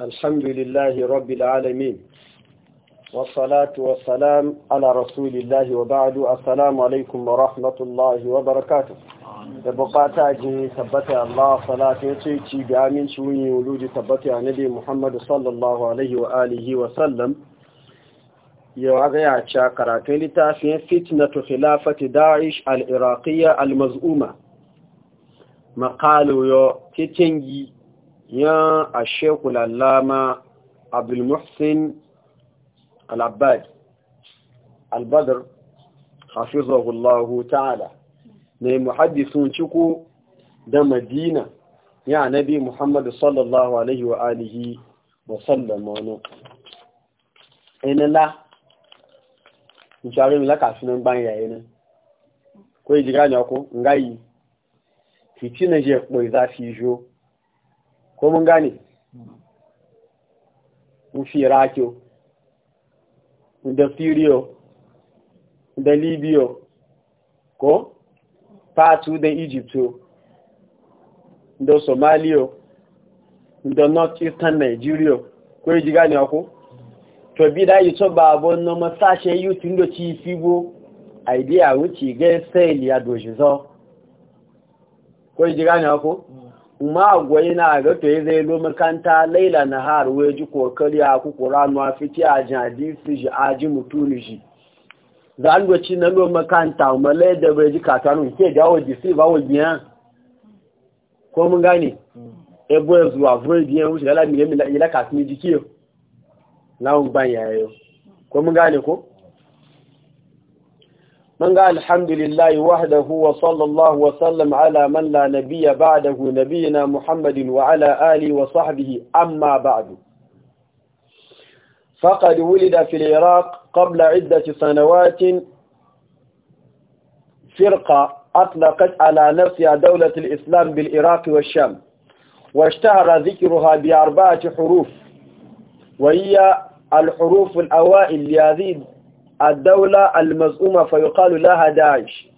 الحمد لله رب العالمين والصلاة والسلام على رسول الله وبعد السلام عليكم ورحمة الله وبركاته بقاتا جي ثبت الله صلاة يتيكي بآمين شوي ولود ثبت عن نبي محمد صلى الله عليه وآله وسلم يوغي عشا كراتين لتافين فتنة خلافة داعش العراقية المزؤومة مقالوا يو تتنجي ya a shekul allama abdulmuhsin al'abbad albadar hafizahullahu ta'ala mai muhaddisun ciko da madina ya nabi muhammadu sallallahu alaihi wa alihi wa sallam wani enila nṣàrí mi lákàfin ń gbá ìyà ẹni kó ìjìgá ní ọkún ǹgáyìí fìtí náà jẹ́ pọ̀ ìzáfi ìṣó ko mun gane fi rakio da syrio da libyo ko fatu da egypto da somalio da north eastern nigeria ko yi gane ako to bi da yi to babu na masashen youth ndo ci fibo idea wuce ga sale ya doshi zo ko yi gane ako ma gwai na ga to zai lo makanta laila na har waje kokari a ku qur'anu a fiti a jadi su ji aji mutuni ji zan na lo makanta ma laida bai ji katanun ke dawo ji sai ba wajiya ko mun gane mm. e boye zuwa vure biyan wuce gala mi yemi la ila kasmi ji kiyo na un ban yayo ko mun gane ko من قال الحمد لله وحده وصلى الله وسلم على من لا نبي بعده نبينا محمد وعلى آله وصحبه أما بعد فقد ولد في العراق قبل عدة سنوات فرقة أطلقت على نفسها دولة الإسلام بالعراق والشام واشتهر ذكرها بأربعة حروف وهي الحروف الأوائل لهذه الدولة المزعومة فيقال لها داعش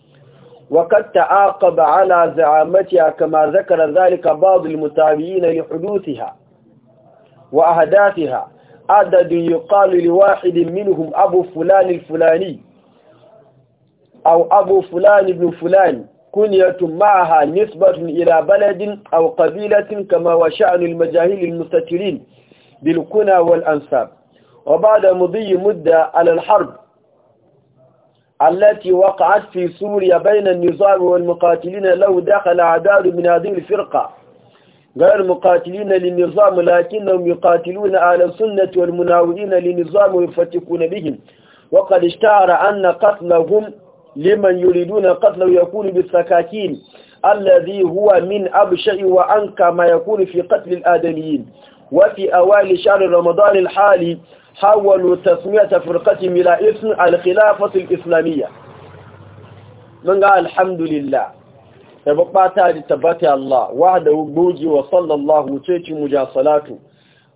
وقد تعاقب على زعامتها كما ذكر ذلك بعض المتابعين لحدوثها وأهدافها عدد يقال لواحد منهم أبو فلان الفلاني أو أبو فلان بن فلان كنية معها نسبة إلى بلد أو قبيلة كما هو شأن المجاهيل المستترين بالكنى والأنساب وبعد مضي مدة على الحرب التي وقعت في سوريا بين النظام والمقاتلين لو دخل أعداد من هذه الفرقة غير المقاتلين للنظام لكنهم يقاتلون أهل السنة والمناوئين للنظام ويفتكون بهم وقد اشتهر أن قتلهم لمن يريدون قتله يكون بالسكاكين الذي هو من أبشع وأنكى ما يكون في قتل الآدميين وفي أوائل شهر رمضان الحالي حولوا تسمية فرقتهم إلى اسم الخلافة الإسلامية من قال الحمد لله يبقى تاج تباتي الله وحده بوجي وصلى الله وتيتي مجاصلاته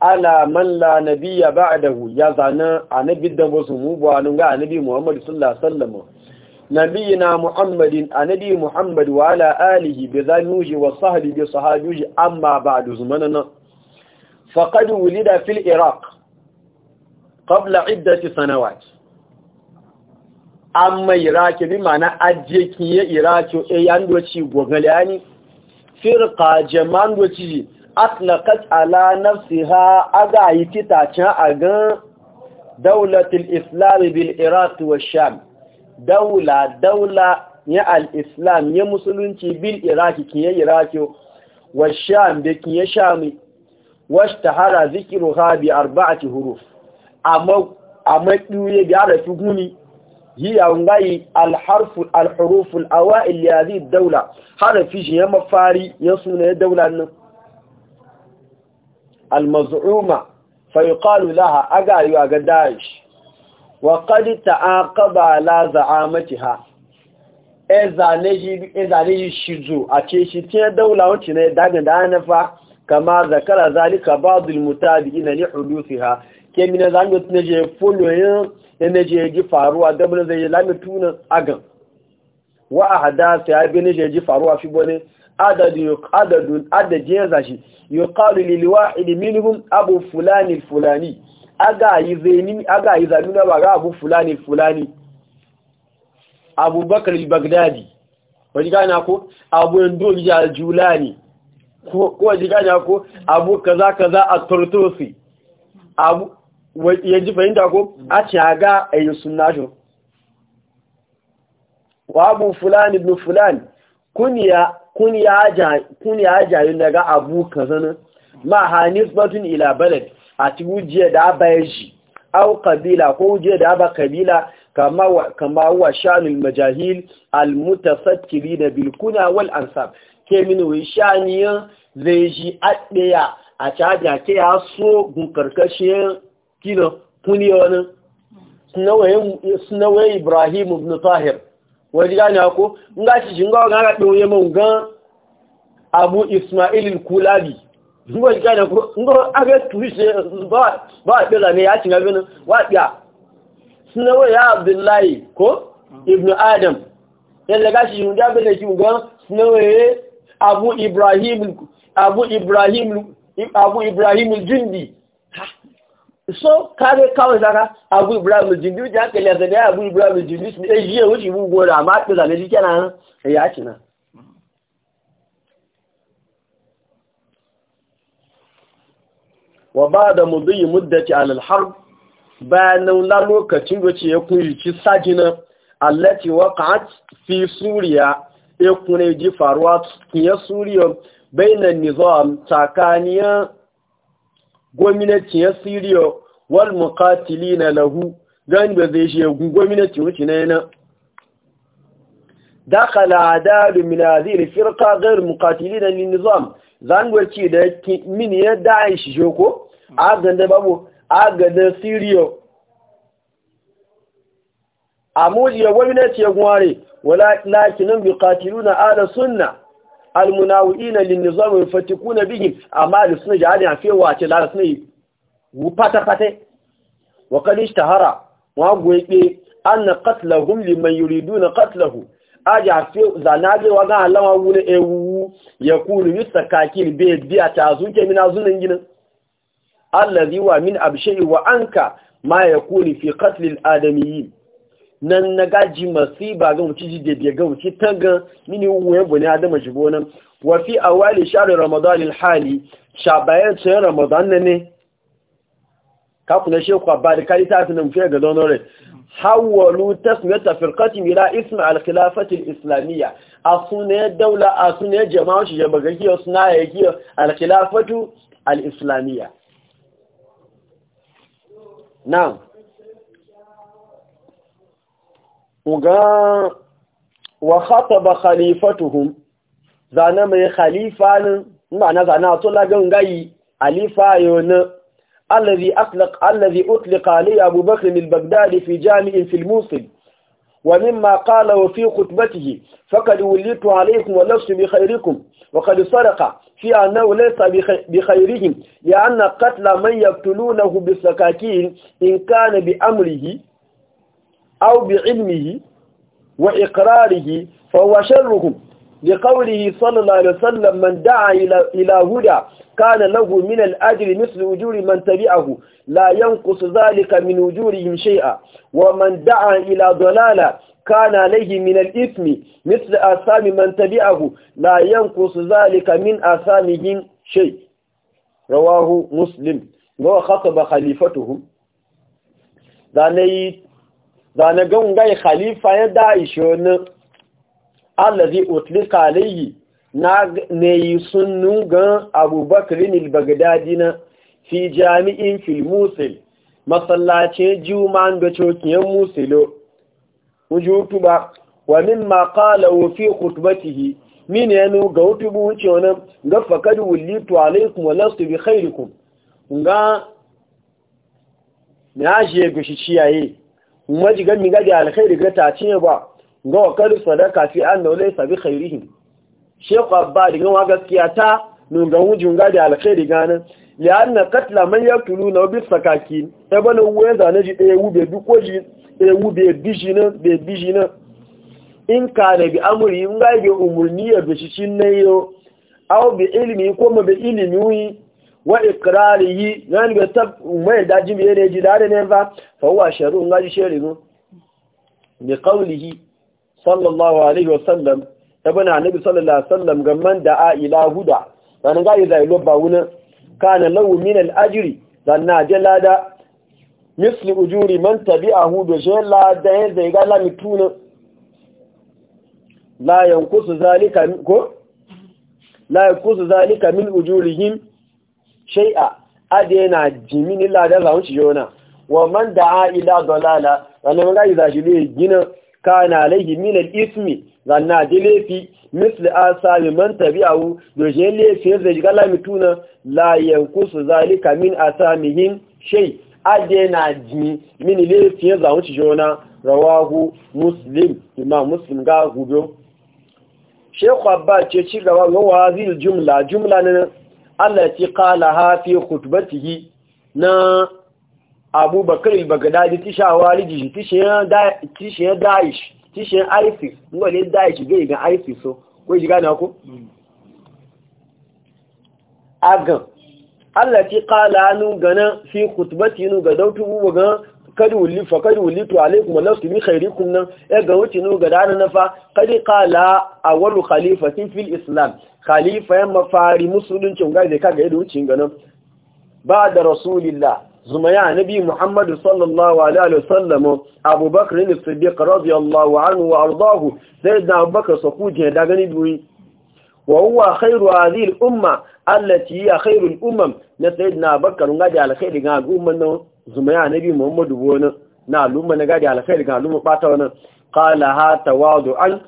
على من لا نبي بعده يزانا نبي دبوس مبوا نغا نبي محمد صلى الله عليه وسلم نبينا محمد نبي محمد وعلى آله بذنوجي وصحبه بصحابه أما بعد زمننا فقد ولد في العراق qabla iddati sanawat amma iraki bi mana ajiye kiye iraki e eh, yandoci gogalani firqa jaman doci atlaqat ala nafsiha aga a agan daulatul islam bil iraq wa sham daula daula ya al-islam ya musulunci bil iraki kiye iraki wa sham da kiye shami washtahara zikruha bi arba'ati huruf a maɗuye gyara shi guni yi a ngayi alharful alharuful awa iliyazi daula harafi shi ya mafari ya suna ya daula nan almazuma fayuqalu laha a wa ga daish wa a ta'aqaba la za'amatiha ezaneji ezaneji shizu a ce shi ce daula na ya daga da fa kama zakara zalika ne hudu fi ha. kemina za mu tuna je yin ne je ji faruwa da mun zai lami tuna agan wa hada sai bi ne je ji faruwa fi bone adadu adadu adadi ya zashi yuqalu lil wahid minhum abu fulani fulani aga yi zai nuna yi zanuna ba ga abu fulani fulani abu bakar bagdadi baghdadi wani gana ko abu yandoji al-julani ko wani gana ko abu kaza kaza a tortosi ya ji fahimta ko a ya haga a yi suna shi wa abu fulani ibn fulani kun ya ajayi daga abu kazanin ma hanis batun ila balad a ti wujiya da bayan shi au kabila ko wujiya da ba kabila kama wa shanul majahil almutasakiri da bilkuna wal ansab ke mini wai shaniyan zai shi a ɗaya a caja ke ya so gun kina kuni wani sunawaye ibrahim ibn tahir wani gani ako in ga ci shingawa ga ga ɗoye man gan abu ismail kulabi zuwa ji gani ako in aga turishe ba a ɗira ne ya ci gabi nan waɗiya sunawaye abdullahi ko ibn adam yadda ga ci shingawa ga da shi gan sunawaye abu ibrahim abu ibrahim abu ibrahim Jindi? so kare kawai zaka abu ibrahim jindu ja ke le da abu ibrahim jindu ne eji e wuci bu gora amma to zane ji kenan eh, ya ci na wa ba'da mudhi muddati ala al-harb bayan la lokacin da ya kunyi ci sajina allati waqa'at fi suriya ya kunyi ji faruwa ya suriya bainan nizam takaniya gwamnati ya siriyo wal muqatili na lahu gani ba zai shi yagun gwamnati wuce na yana dakala adalu min azir firqa ghayr muqatilin lin nizam zan ci da min ya dai shi joko aganda babu a aganda siriyo amuji ya gwamnati ya gware walakinan biqatiluna ala sunna almunawi'ina linnizam yafatikuna bihim amma da suna jihadi a fewa wace lara suna yi fata fata wa qad ishtahara wa goybe anna qatlahum liman yuriduna qatlahu aja fe zanaje wa ga alama ya ewu yakunu yusakakil bai biya ta zuke mina zunan ginin allazi wa min abshay wa anka ma yakuni fi katlil al adamiyyin nan na gaji masiba ga mutu ji biya ga mutu ga mini wuyan bane adama jibo nan wafi a wali shari ramadan ilhali bayan tsayin ramadan na ne kakunan shekwa ba da kari ta tunan fiye ga donore hawalu yata firkatin ila isma alkhilafatin islamiyya a sunayen daula a sunayen jama'a shi jabagagiyar suna yagiyar alkhilafatu al-islamiyya ga wa khataba khalifatuhum zana mai khalifa nan ma'ana zana to la gan gayi alifa yona allazi atlaq allazi utliqa li abu bakr al-baghdadi fi jami'in fi al-musil ومما قاله في خطبته فقد وليت عليكم ولست بخيركم وقد صدق في أنه ليس بخيرهم لأن قتل من يقتلونه بالسكاكين إن كان بأمره أو بعلمه وإقراره فهو شرهم لقوله صلى الله عليه وسلم من دعا إلى هدى كان له من الأجر مثل وجور من تبعه لا ينقص ذلك من وجورهم شيئا ومن دعا إلى ضلالة كان عليه من الإثم مثل آثام من تبعه لا ينقص ذلك من آثامهم شيء رواه مسلم وخطب خليفتهم ذا نيت zane gan gai khalifa ya da isho ni allazi utlika alayhi na ne yi gan abubakar nil bagdadi na fi jami'in fil musul masallacin juman da cokiyan musilo wujutu ba wa mimma qala fi khutbatihi min yanu ga utubu wuce ga fakad wulitu alaikum wa lastu bi khairikum nga na je gushi ciyaye majigan mi gaje alkhairi ga ta ce ba ga wakar sadaka fi annahu laysa bi khairihi sheikh abba diga wa gaskiya ta nun ga wujin gaje alkhairi ya anna qatla man na bi sakakin e bana wuya zane ji ɗaya wube duko ji ɗaya wube bijina be bijina in ka ne bi amuri in ga bi ya bi shi nayo aw bi ilmi ko ma bi ilmi wa ikrarihi nan ga tab mai daji biye ne ji dare ne ba fa huwa sharu ngaji sherigo bi qawlihi sallallahu alaihi wasallam ibn annabi sallallahu alaihi wasallam gamman da'a ila huda dan ga idza ilo ba wuna kana lahu min al ajri dan na jalada misli ujuri man tabi'ahu bi jalada da ga la mituna la yankusu zalika ko la yankusu zalika min ujurihim Shai'a ade na da ladan zaun shi yona wa man da'a ila dalala wannan rai iza shi ne gina kana alaihi min al-ismi zanna dilefi misli asabi man tabi'ahu doje lefi zai ga lamituna la yankusu zalika min asamihim shay ade na jimi min lefi zaun shi yona rawahu muslim imam muslim ga gudo shekwa ba ce ci gaba ga wazil jumla jumla ne allati kala fi hutubatihi na abubakar al-baghdadi tishawariji tishin da tishin daish tishiyar isis ngole daish ga ga isis so ko jiga na ko agan ti kala nu gana fi khutbatihi nu ga dautu buga kadi wuli fa kadi wuli to alaikum wallahi min khairikum nan ya eh, ga wuce no ga dana nafa kadi qala awwalu khalifatin fil islam khalifa ya mafari musulunci ga zai kaga da wuce ga nan ba da rasulillah ya nabi muhammad sallallahu alaihi wa wasallam abubakar ne siddiq radiyallahu anhu wa ardahu sayyidina abubakar sakuje da gani duyi وهو خير هذه الأمة التي na خير الأمم نسيدنا بكر ونجعل خير هذه nan. zuma ya nabi muhammadu wani na al'umma na gadi alkhairi ga al'umma bata wani Kala ha tawadu an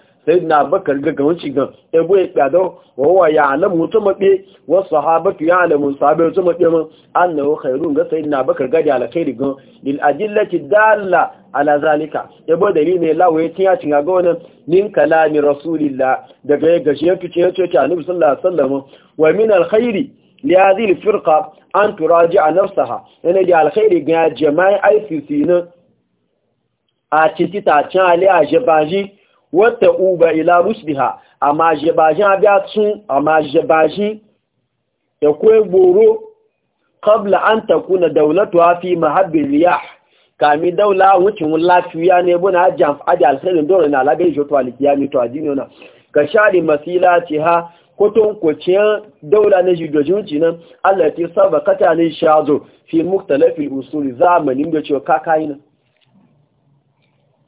na bakar gaga wanci gan ebo ya tsado wa huwa ya alamu to mabe wasu sahabatu ya alamu sabi to mabe man annahu yaro ga na bakar gadi alkhairi ga lil adillati dalla ala zalika yabo ne lawaye ya cin ga wani min kalami rasulillah daga ya gashi ya fice ya ce a sallallahu alaihi wasallam wa min alkhairi لهذه الفرقة أن تراجع نفسها يعني دي الخير جماعة أي سيسين أتشتي تاتشان عليها جباجي وتأوب إلى رشدها أما جباجي أبياتشون أما جباجي يكون بورو قبل أن تكون دولتها في مهب الرياح kami daula wucin lafiya ne buna jamf adi alkhairin dole na lagai jotuwa likiyami to adini na ka share masilatiha ko to daula na jidojinci nan Allah ya saba kata ne shazo fi muktalafil usul zamanin da cewa kakai nan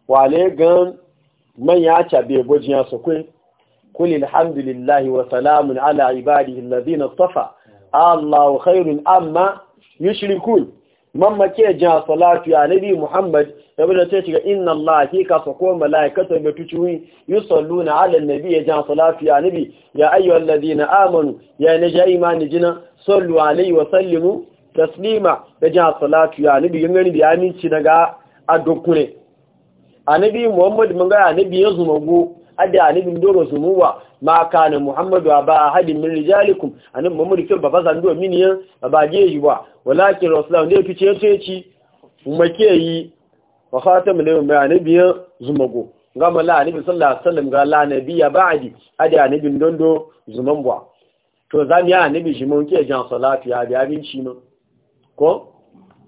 wale gan manya ta be gojiya su kai kul alhamdulillahi wa salamun ala ibadihi alladhina tafa Allahu khairun amma yushrikun man make ja salatu ya nabi muhammad da bin ta shiga inna allah hakika fa ko malaikatu bi tuci yusalluna ala nabi ja salatu ya nabi ya ayyuhal ladina amanu ya naja imani jina sallu alaihi wa sallimu taslima da ja salatu ya nabi yin gani da aminci daga adukure anabi muhammad mun ga annabi ya zumago adi anibin doro su muwa ma kana muhammadu ba hadin min rijalikum anan mu mulkin baba do min yan ba je yi wa walakin rasulullah ne fice yace ci umake yi wa khatam ne mai anabiyan zumago gama la anabi sallallahu alaihi wasallam ga la ya ba'di adi anibin dondo zuman bwa to zan ya anabi shi mun ke jan salati ya bi abinci mun ko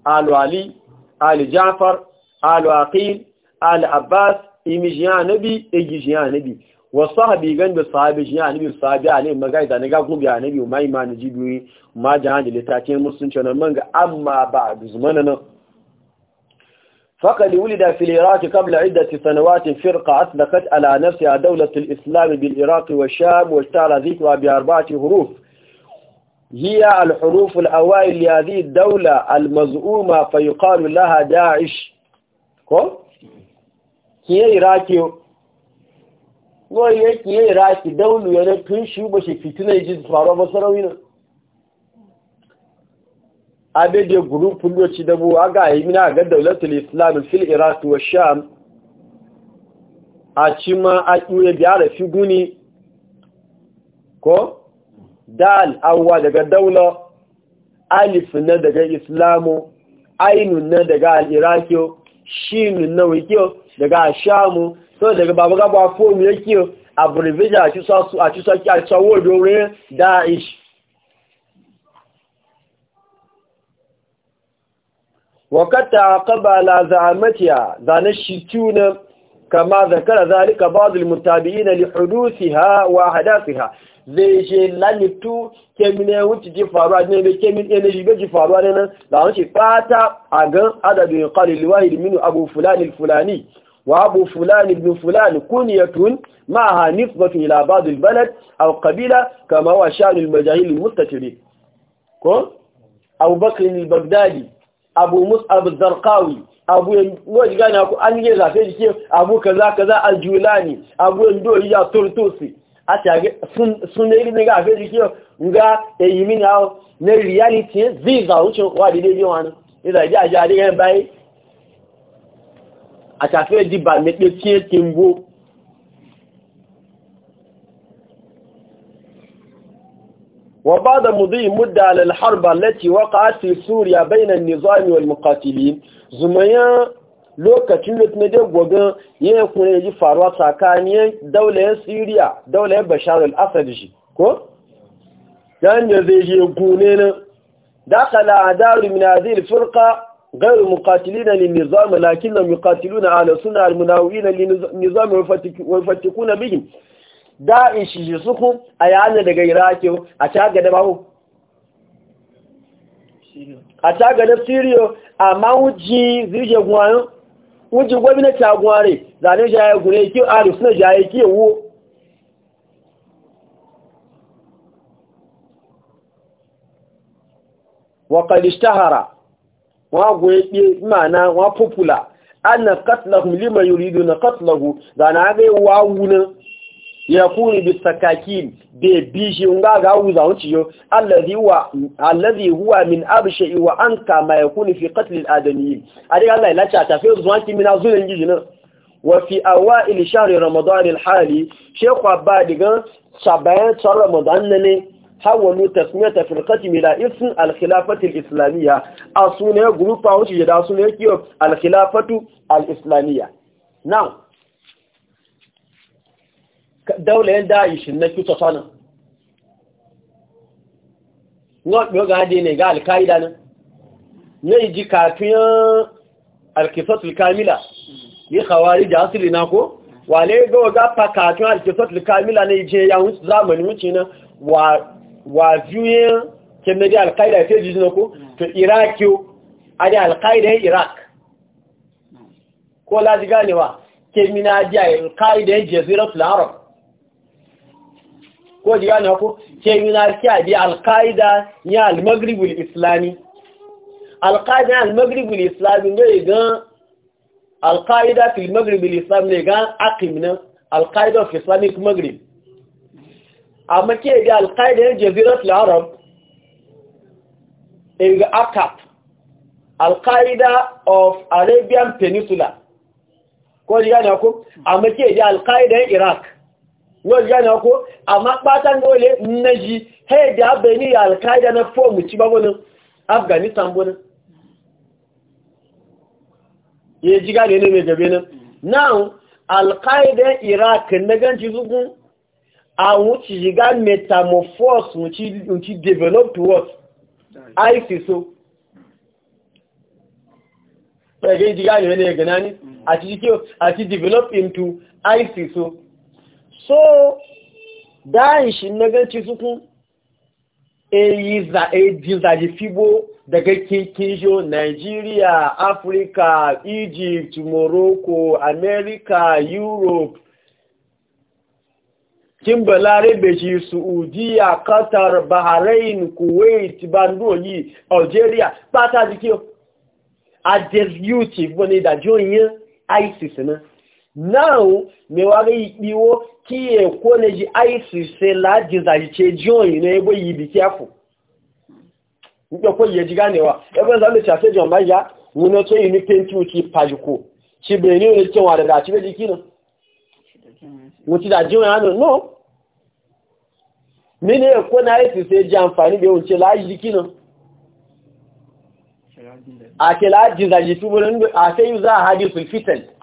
alu ali ali ja'far alu aqil al abbas imijiya nabi egijiya nabi wasu habi gan da sahabi jiya nabi sahabi a nemi magai da naga gobe a nabi ma imanu jibiyoyi ma jahan da littafin musulunci na manga amma ba a duzmana nan فقد ولد في العراق قبل عدة سنوات فرقة أطلقت على نفسها دولة الإسلام بالعراق والشام واشتهر ذكرها بأربعة حروف هي الحروف الأوائل لهذه الدولة المزعومة فيقال لها داعش كم؟ kiye iraki yau kiye iraki daulu yana tun shi ba shi fitina ya ji faru ba sarauni nan abede gurufin loci da bu aga yi mina ga daulatul islam fil iraq wa sham a cima a kiwe biyara guni ko dal awwa daga daula alif na daga islamu ainun na daga al shin nawa kiyo daga shamu so daga babu gaba fomu ya kiyo a cisa su a cisa ki a cisa wo dore da'ish wakata qabala zamatiya zane shi tuna kama zakara zalika ba'd al-muttabi'ina li hudusiha wa ahdathiha zai lani tu kemine wuce ji faruwa ne be kemin energy be ji faruwa ne nan da wuce fata a gan adadin kalil wahid minu abu fulani fulani wa abu fulani ibn fulani kuniyatun ma ha nisbatun ila ba'd al balad aw qabila kama wa shan al majahil mustatiri ko abu bakr al baghdadi abu mus'ab al zarqawi abu wani gane ku an yi zafe jike abu kaza kaza al julani abu ndo ya turtusi àti súnlé rí nígbà ga kí o nga èyí mi náà ní reality visa ó ṣun wà dídé bí wọn nígbà ìdí àjọ adéyẹn báyìí àtàfẹ́ dìbà mẹ́pẹ́ tí é ti ń وبعد مضي مدة على الحرب التي وقعت في سوريا بين النظام والمقاتلين زميان lokacin da ne dai ya yi kuna yi faruwa tsakaniyar daular siriya daular bashar al'asar shi ko? yan da zai je gune nan dakala a daru Rumina azil furka gari mukatili na ne nizami lakin na mukatilu na ala suna almunawi na nizami warfattiku na Da da'in shi shi suku a yana daga iraki a caga da bahu a caga da siriyo amma wuji zirge gwanin wujin gwamnati a gware zane jaye gure ki ari suna jaye ki wo wa qad ishtahara wa goye mana wa popular anna qatlahum lima yuriduna qatlahu zane ga wa wunan yakuni bisakakin be bishi nga ga uza unciyo allazi huwa allazi huwa min abshi wa anka ma yakuni fi qatl al adamiyin ade Allah ila cha ta fe zuwan kimina zuwan gijina wa fi awail shahr ramadan al hali ba ba diga sabayan tsar ramadan ne hawalu tasmiyata firqati mila ism al khilafati al islamiyya grupa unciyo da asuna kiyo al khilafatu al islamiyya now daula yan da'ish na kyuta sana not yo ga de ne ga alka'ida qaida Na ne ji kafin alkisotul kifatul kamila ni da asli na ko wale ga ga pakatun alkisotul kifatul kamila ne je ya wuce zamani wuce na wa juye kemgbe da al-qaida fe ji na ko to a ada alka'ida ya iraq ko la ji ganewa kemina ji alka'ida ya jaziratul arab ko da yana ko ke yuna kiya bi alqaida ya al-maghrib al-islami alƙa'ida ya al islami ne ga alƙa'ida fi magribul maghrib al-islami ne ga nan alqaida fi islamic a amma ke ga alqaida ya jazirat al-arab e ga of arabian peninsula ko ji gane ko amma ke ga alqaida ya iraq wọ́n yá ni ọkọ́ àmá pátá ń gbọ́lé nneji hẹ́ẹ̀dì abẹ́ ní al na fọ́ọ̀mù tí bá gbọ́nà afghanistan yẹ jígá ní náà náà al iraq nẹ́gẹ́ntì àwọn metamorphos towards àti develop into isis o so dayin shi na ganci suku ejizaji e fibo daga kinjo nigeria africa egypt morocco america europe kimbala rebeji saudiya qatar bahrain kuwait bandoyi algeria pátá di kí o adẹ́rìútì isis na. now me wari yi biwo ki e ko ne ji ice se la ji za ji che join ne bo yi be careful nko ko yi ji ne wa e ko za le cha se jon ba ya mu no to yi ni pentu ti pajuko ti be ni o ti wa da ti be ji kino mo da ji wa no no mi ni e ko na ice se ji àǹfààní be o che la ji kino a ke la ji za tu bo ni a se yu za hadisul fitan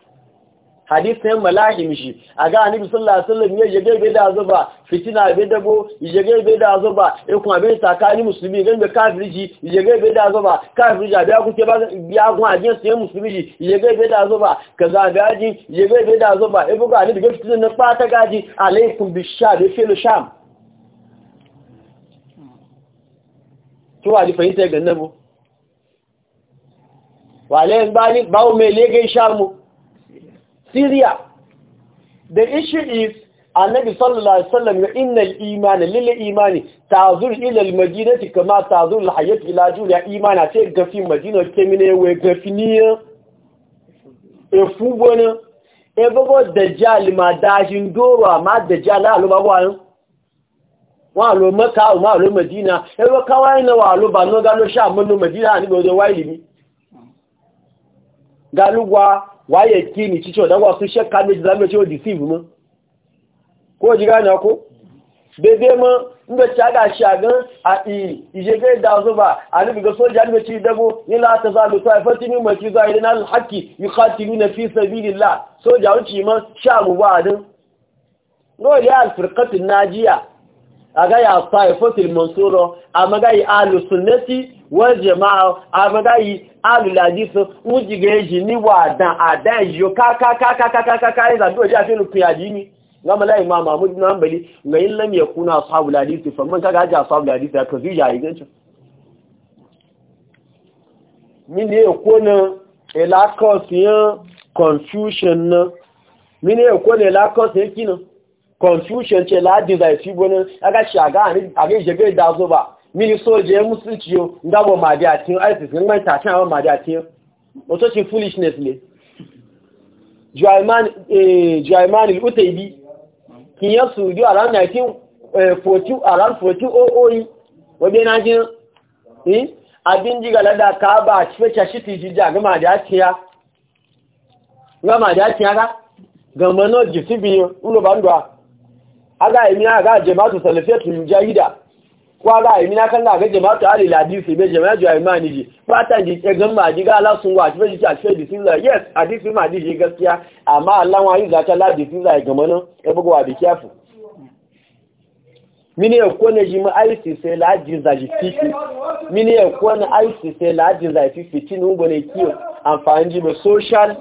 hadisi yan mala'im shi a ga annabi sallallahu alaihi wasallam ya jage bai da zuba fitina bai dabo ya jage bai da zuba in kuma bai tsakani musulmi gan da kafiri ji ya jage bai da zuba kafiri ja da kuke ba ya kun ajin sai musulmi ji ya jage bai da zuba kaza da ji ya jage bai da zuba eh buga annabi ga fitina na fata gaji alaikum da fil sham to a ji fahimta ga nan nabo wale ba ni ba mu me lege sharmu Syria. The issue is, annabi sallallahu Alaihi wasallam ya inna imani, lille imani, ta tazur ilal madinati kama ta tazur lahayat ila juliya imana ce gafi madina kemine we gafi niya, e wani, da jali ma dajin doro ma da dajjal e na alubawa yin. Wọ́n àlò mẹ́ka àwọn àlò Mẹ̀dínà, ẹgbẹ́ káwàá ìnáwà àlòbà náà gálóṣà mọ́nà Mẹ̀dínà nígbà ọjọ́ wáìlì ní. Galúgbà waye kini cicho da wasu shakka ne za mu deceive mu ko ji na ko bebe ma inda shaga shagan a i ije ga da zuba ani biga soja ne ci dabo ila ta zalu taifati min maki zahirin al haqi yuqatiluna fi sabilillah soja wuci ma sha mu ba din no ya al firqatu najiya agaghị asụ anyị fosil mansuro amagaghị alụ sunneti wal jama'a amagaghị alụ ladiso nwuji ga-eji n'igwe ada ada ejiyo kakakakakakaka anyị zabi oji afelu kuyadi ni gama layi ma mahmud na mbali ga yin lam ya kuna ashabu ladiso famman ka gaji ashabu ladiso ya kazi ya igancin na ya kone elakos yin e confusion na mini ya kone elakos yin e kinan confusion ce ladin zai fi wani aga shaga a ga jebe da zo ba mini soje musulci yo ndabo ma da tin isis ngman ta tan ma da tin wato cin foolishness ne Jaiman eh Jaiman al-Utaybi kin ya suju around 19 40 eh, around 40 wabe na jin eh abin diga lada ka ba ci fa ci ti jija ga ma da tiya ga ma da tiya ga ga mano jisibi ulo bandwa aga yi mina ga jama'atu salafiyatu mujahida ko aga yi mina kan ga jama'atu alil hadisi be jama'a ju imani ji fata ji ke gan ma ji ga Allah sun wace ji ta ce di sinza yes hadisi ma ji gaskiya amma Allah wa yi za ta ladi sinza ga mana e bugwa bi kyafu mini ya kone ji ma aisi sai laji za ji fiki mini ya kone aisi sai laji za ji fiki nun gone kiyo amfani ji be social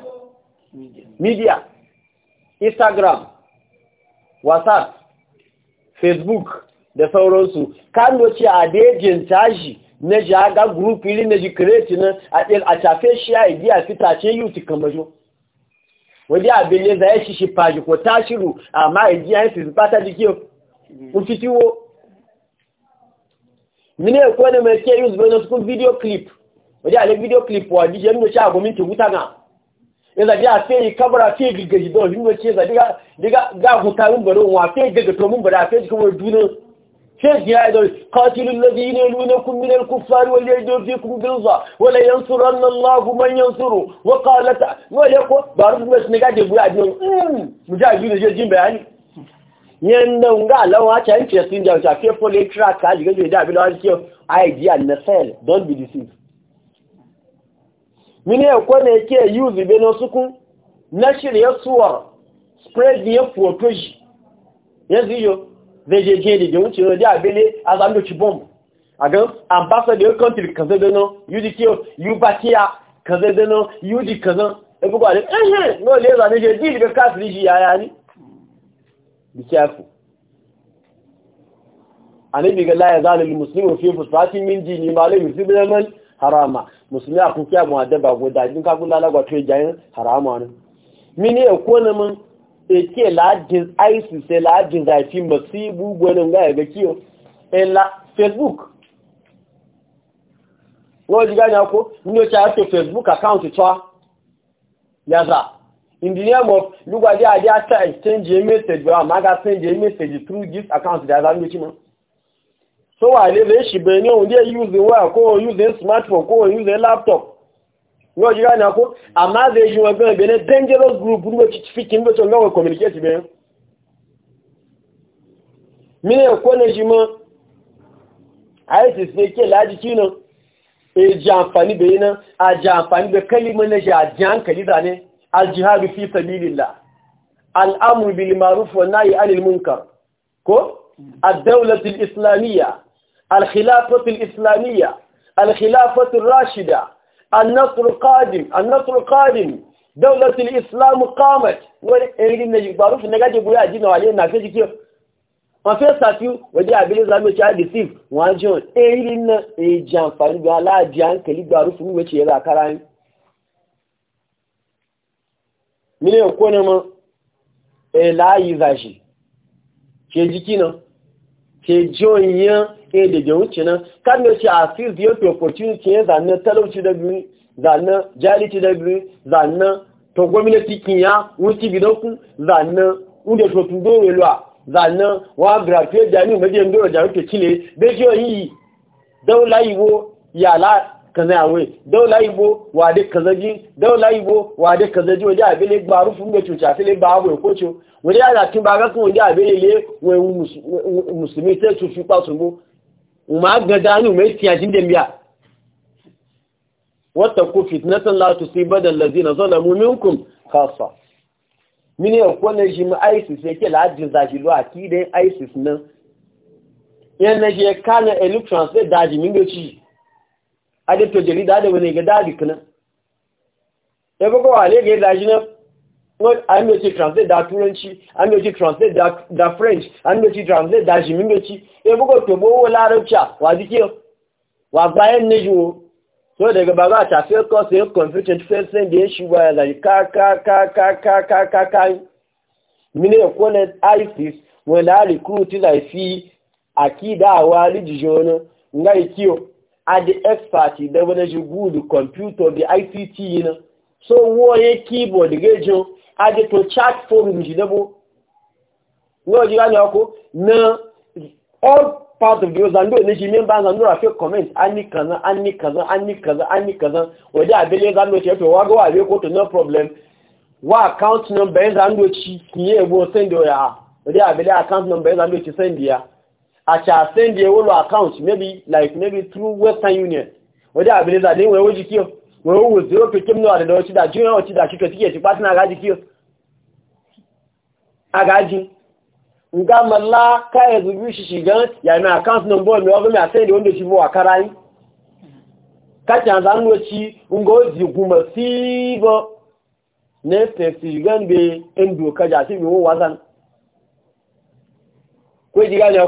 media instagram whatsapp facebook da sauransu kan ce a dejin tashi na ji aga ne ne na ji kireti na a tafe shi a idi a fitace yuti kamajo wadda abin ne za ya shi shi faji ko tashiru amma idi ya yi fi zubata jiki mfitiwo mine ko ne mai ke uzbe na kun video clip wadda ale video clip wa di jami'o sha gominti na. yadda ya yi kabara sai gaggaji da wani wace za diga diga ga hukarin bari wa sai gaga to bari a sai kuma duna sai ya da qatilul ladina yalunakum min al-kuffar wal yajidu fikum ghilza wa la yansuranna Allah man yansuru wa qalat ko ba barin wasu ne gaje buya din mu ja ji hmm, ne jin bayani da nga lawa ta yanke sun ja ta fe fole track ka ji da bi lawa idea na sell don be deceived mini ẹ̀kọ́ na ẹ̀kẹ́ ẹ̀yí òzìbẹ́ ní ọsúnkún nẹ́ṣìrì yẹ súwọ̀rọ̀ spread yẹ ya yẹn sí yọ vejejì èdè ń ṣe ọdí àbẹ́lé azamdochi bọ́m̀ àgán ambassador country kàzẹ́dẹ́ náà udk ubakia kàzẹ́dẹ́ náà kaza kàzán ẹgbẹ́gbẹ́ àdé ẹ̀hẹ́n náà lè rà níṣẹ́ díìlì bẹ́ káàkiri yìí ya ní be careful àníbìgẹ́ láyé zálẹ̀ mùsùlùmí òfin fòsùpá tí mí di ní ìmọ̀ alẹ́ mùsùlùmí harama musulmi a kun kiyamu a daba guda jin kagun lalagwa to jayin harama ne mini e kone mun e ke ladin isis e ladin zafi masibu gwanin ga ga kiyo e la facebook wo ji gani ako ni o cha to facebook account to yaza in the name of lugwa dia dia start exchange message wa maga send message through this account da zan mi tó wà lè lè ṣìbẹ̀ ní òun díẹ̀ using wire kó o using smartphone kó o using laptop ní ọjọ́ ìrìnà kó àmáàzẹ ìjú ẹgbẹ́ ẹgbẹ́ ní dangerous group ní wọ́n fi kí ní wọ́n tó lọ́wọ́ communicate bẹ́ẹ̀ mílẹ̀ ẹ̀kọ́ ní ṣe mọ́ àìsí sí kí láti kí nà èjì àǹfààní bẹ̀yìn náà àjì àǹfààní bẹ̀ kẹ́lí mọ́ ní ṣe àjì àǹkàlí dání bil ma'ruf wa nahyi munkar ko islamiyya الخلافة الإسلامية الخلافة الراشدة النصر القادم النصر القادم دولة الإسلام قامت ولكن يبارك نجاج بويا جينا علينا في ذكر wọ́n fẹ́ sàfíù wọ́dí àbílẹ̀ islamic child wọ́n jọ èyí na èjì àǹfààní gan aláàjì à ń kèlí gbàrú fún ìwé ṣèyẹ́rẹ́ àkàrà yín. mílíọ̀nù kó ni mo èèlà ìzàjì ṣe jí kí náà ke joyin e da ga wuce nan kan ce a field yau to opportunity ya zanna talauci da biyu zanna jaliti da biyu zanna to gwamnati kinya wuce gidanku zanna inda to tun dole lwa zanna wa graduate jami'u majiyan dole jami'u ke cile da yi daula yiwo yala kaza awe daula ibo wa de kaza zaji daula ibo wa de kaza ji waje abele gbaru fun be cuta tele ba abu ko cho waje ala tin ba ga kun waje abele le we muslimi te tu fi pa sunbo uma da nu me ti ajin de mbiya wattaqu fitnatan la tusibanna allazina zalamu minkum khassa mini ko ne shi mu ISIS yake la ajin zaji lo kidan ISIS nan yan na je kana elections da daji min gaci hada to jarida da wani ga dadi kana sai e ba ko ale ga daji na an yi ce translate da turanci an yi translate da french an yi translate da jimin gaci sai e ba ko to bo larabci wa zike wa bayan ne jiwo so daga ba za ta sai ko sai computer sai da ya shi ba da ka ka ka ka ka ka ka ka mine ko ne isis wala recruit la fi akida wa a di expert da ji gudu computer da ict na so woye keyboard gejin a di chat forum ji dabo wọ́n jí láti ọkọ́ na all part of the world and anyị anyị anyị anyị ụdị ịza no problem nọmba ịza ụdị akaụntụ nọmba ịza ya a cha send ye wolo account maybe like maybe through western union or i believe that they were oji kio we o withdraw pe kim no ade do ti da o ti da kike ti partner agaji kio agaji nga mala ka ezubi shishi gan ya na account number mi o mi send won de ti bo ka cha za chi ngo zi guma ne pe si gan ka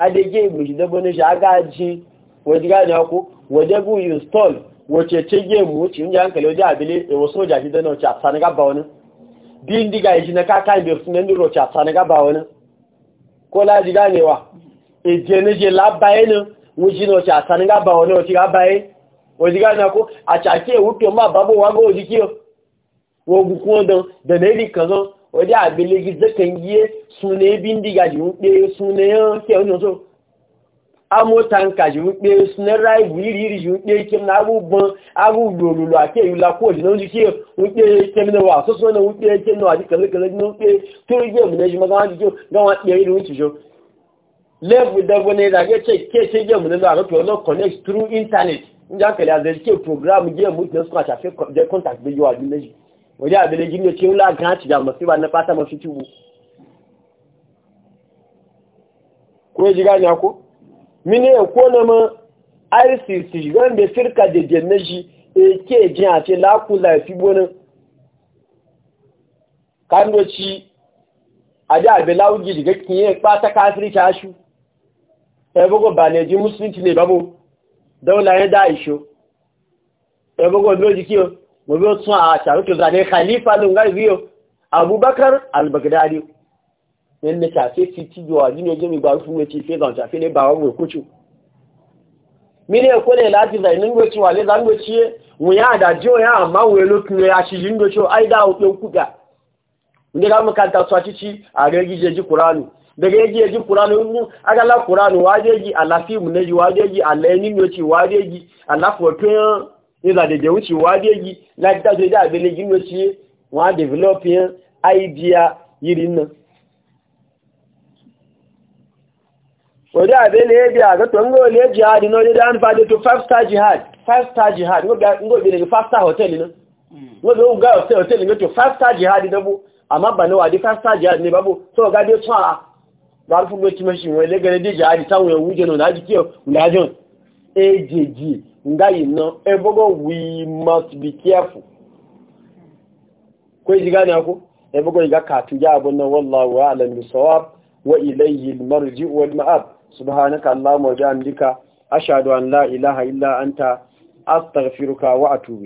adege igbushi dabonin shi Aka ji waje gani haku waje bu install wace ce gemu wuce inda hankali waje abili ewa soja shi dana wace a tsani gaba wani biyun diga yi na kaka ibe su ne nuro wace a tsani gaba wani ko laji ganewa eje ne je labaye ne wuce na wace a tsani gaba wani wace gabaye waje gani haku a cake wuce ma babu wago waje kiyo wogun da na iri wadda abelegi zakan yi sune bindiga ji wuɗe sune yanke wani so amótankà ji wuɗe sune raibu iriri ji wuɗe kem na agbúgbọn agbúgbòròlò àti èyí lakóòdì náà jíkẹ́ wuɗe kem na wà sọ́sọ́ na wuɗe kem na àti kẹlẹ́kẹlẹ́ ní wuɗe tó rí jẹ́ òmìnira jùmọ́ káwọn jíkẹ́ gáwọn pẹ̀lú ìrìn òtìjọ lẹ́bù dẹ́gbọ́n ní ìdàgẹ́ kéèké connect through internet ń jákẹ̀lẹ́ àzẹ̀jíkẹ́ program jẹ́ contact gbé yọ waje a biligin da ce wula kan haci ga masu ba na fata masu tubu ko ya ji gani ako mini ya kone ma ircc shigar da firka da jannashi e ke jin a ce lakula ya fi bonin kandoci a da abin lauji daga kinye kpata kafir cashu ẹgbogbo ba ne ji musulunci ne babu daula ya da isho ẹgbogbo lójí kí o mo bi ó tún àṣàrò tó zàdé khalifa ló ń gárí bí ó abubakar albagdadi ní ní ṣàfẹ́ fi tíjọ àdínú ẹjọ́ mi gbà fún etí ìfẹ́ gan ṣàfẹ́ lè bá ọgbọ̀ ìkúchù mi ní èkó lè láti zà inú gbé tí wà lé láńgbé tí é wọ́n yá àdájọ́ yá àmáwò elókùnrin aṣíyí ń gbéṣọ́ àìdá òpé òkúta ní ká mú kàtà sọ títí ààrẹ jíjẹjí kùránù daga yaji yaji kuranu mu agala kuranu wajeji alafi mu neji wajeji wa mu ci wajeji alafotin nígbà dèdè ń ti wá dé yìí láti dájú ìdá àgbélé yìí ló ṣe wọ́n á dèvélọ́pì yẹn àìdíyà yìí náà. òde àbẹ́lẹ̀ ẹ̀bí àgọ́tọ̀ ńgọ́ olè jihad iná dédé àǹfààdé tó 5 star jihad 5 star jihad ńgọ́ ìbí nìkan star hotel iná ńgọ́ ìbí ọgá hotel hotel iná tó 5 star jihad iná bó bànáwà dé star jihad ní tó ọ̀gá dé tún tí dé jihad táwọn ẹ̀wú jẹ́ náà láti kí ọ̀ ngayi na ebogo we must be careful ko ji gane ko ebogo iga katu ya abun wallahu a'lam sawab wa ilayhi almarji wal ma'ab subhanaka allahumma wa bihamdika ashhadu an la ilaha illa anta astaghfiruka wa atubu